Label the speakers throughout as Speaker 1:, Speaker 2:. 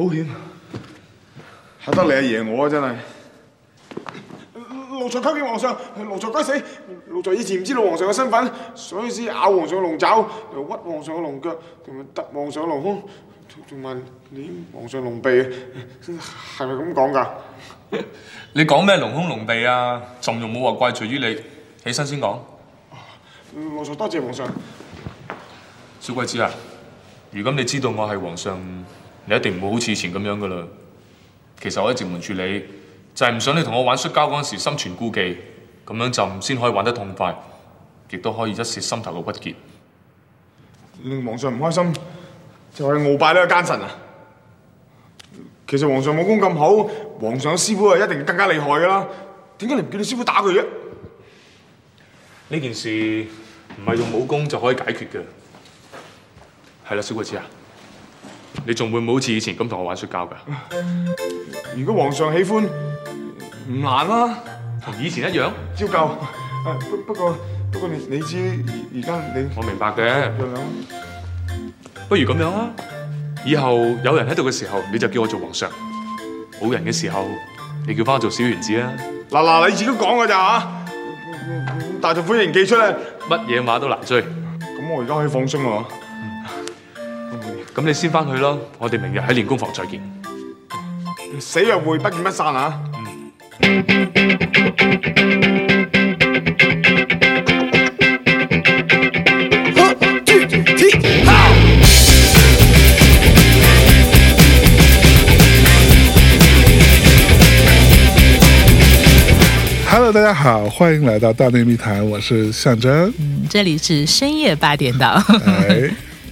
Speaker 1: 好險，係得你阿爺我啊！真係，奴才叩見皇上，奴才該死。奴才以前唔知道皇上嘅身份，所以先咬皇上嘅龍爪，又屈皇上嘅龍腳，同埋揼皇上嘅龍胸，仲仲問你皇上龍臂？啊？係咪咁講噶？
Speaker 2: 你講咩龍胸龍臂啊？朕又冇話怪罪於你？起身先講。
Speaker 1: 奴才多謝皇上。
Speaker 2: 小桂子啊，如今你知道我係皇上。你一定唔會好似以前咁樣噶啦。其實我一直瞞住你，就係、是、唔想你同我玩摔跤嗰陣時心存顧忌，咁樣就先可以玩得痛快，亦都可以一泄心頭嘅鬱結。
Speaker 1: 令皇上唔開心，就係鰲拜呢個奸臣啊！其實皇上武功咁好，皇上師傅啊一定更加厲害噶啦。點解你唔叫你師傅打佢啫？
Speaker 2: 呢件事唔係用武功就可以解決嘅。係啦、嗯，小鬼子啊！你仲會唔會好似以前咁同我玩摔跤噶？
Speaker 1: 如果皇上喜歡，
Speaker 2: 唔難啦、啊，同以前一樣，照舊。誒，不不過不過你你知而而家你我明白嘅，不如咁樣啦，以後有人喺度嘅時候，你就叫我做皇上；冇人嘅時候，你叫翻做小玄子啦。嗱嗱、啊啊，你自己講噶咋？大、啊、眾歡迎，記出啦。乜嘢話都難追，
Speaker 1: 咁我而家可以放鬆啦。
Speaker 2: 咁你先翻去咯，我哋明日喺練功房再見。
Speaker 1: 死又會不見不散啊、
Speaker 3: 嗯
Speaker 4: ！Hello，大家好，歡迎來到大內密談，我是相征。
Speaker 5: 嗯，這裏是深夜八點檔。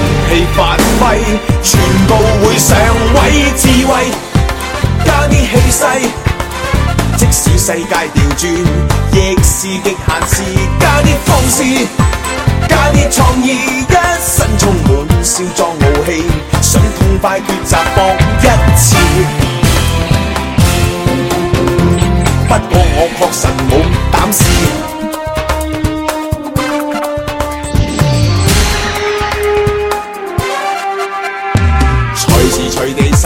Speaker 1: 勇氣發揮，全部會上位。智慧加啲氣勢，即使世界掉轉，亦是極限時。加啲放肆，加啲創意，一身充滿少壯傲氣，想痛快抉擇搏一次。 不過我確實冇膽試。